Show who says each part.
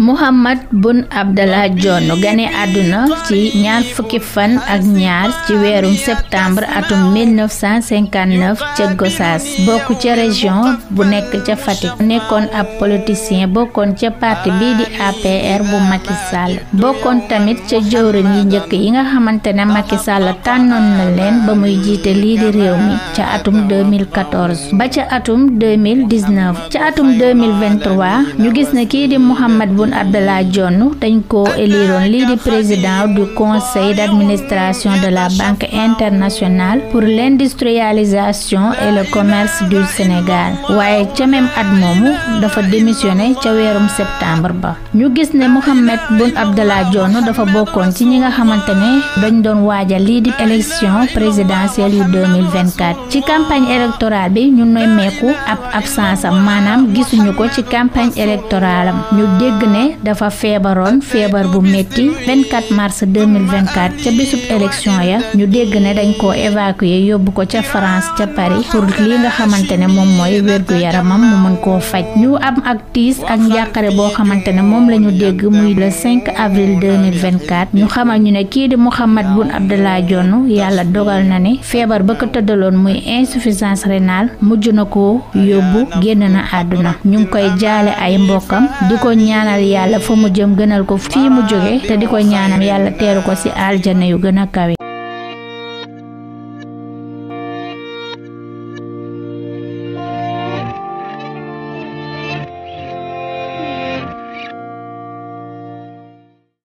Speaker 1: Mohamed Boun Abdallah Dionne gane àdduna ci ñaar fukki fan ak ñaar ci weerum septembre atum 1959 ca gosaas bokk ca région bu nekk ca Fatick nekkoon ab politicien bokkoon ca parti bii di APR bu Macky Sall bokkoon tamit ca jëwriñ yi njëkk yi nga xamante ne Macky Sall tànnoon na leen ba muy jiite lii di réew mi ca atum 2014 ba ca atum ca atum ñu gis ne kii di Mohamed Boun woon Abdallah Dionne dañ ko éliroon lii di président du conseil d'administration de la banque internationale pour l'industrialisation et le commerce du Sénégal waaye ca même at moomu dafa démissionné ca weerum septembre ba ñu gis ne Mohamed Boun Abdallah Dionne dafa bokkoon ci ñi nga xamante ne dañ doon waaja lii di élection présidentielle yu 2024 ci campagne électorale bi ñu nemmeeku ab absence am maanaam gisuñu ko ci campagne électorale ñu dégg ne dafa feebaroon feebar bu métti 24 mars 2024 ca bésub élection ya ñu dégg ne dañ koo évacuer yóbbu ko ca France ca Paris pour lii nga xamante ne moom mooy wérgu yaramam mu mën koo faj ñu am ak tiis ak njàqare boo xamante ne moom la ñu dégg muy le 5 avril 2024 ñu xamal ñu ne kii di Mouhamed Boun Abdallah jonn yàlla dogal na ne feebar ba ko tëddaloon muy insuffisance rénale mujj na ko yóbbu génn na àdduna ñu ngi koy jaale ay mbokkam di ko ñaanal ñaanal yàlla fa mu jëm gënal ko fii mu jóge te di ko ñaanam yàlla teeru ko ci aljana yu gën a kawe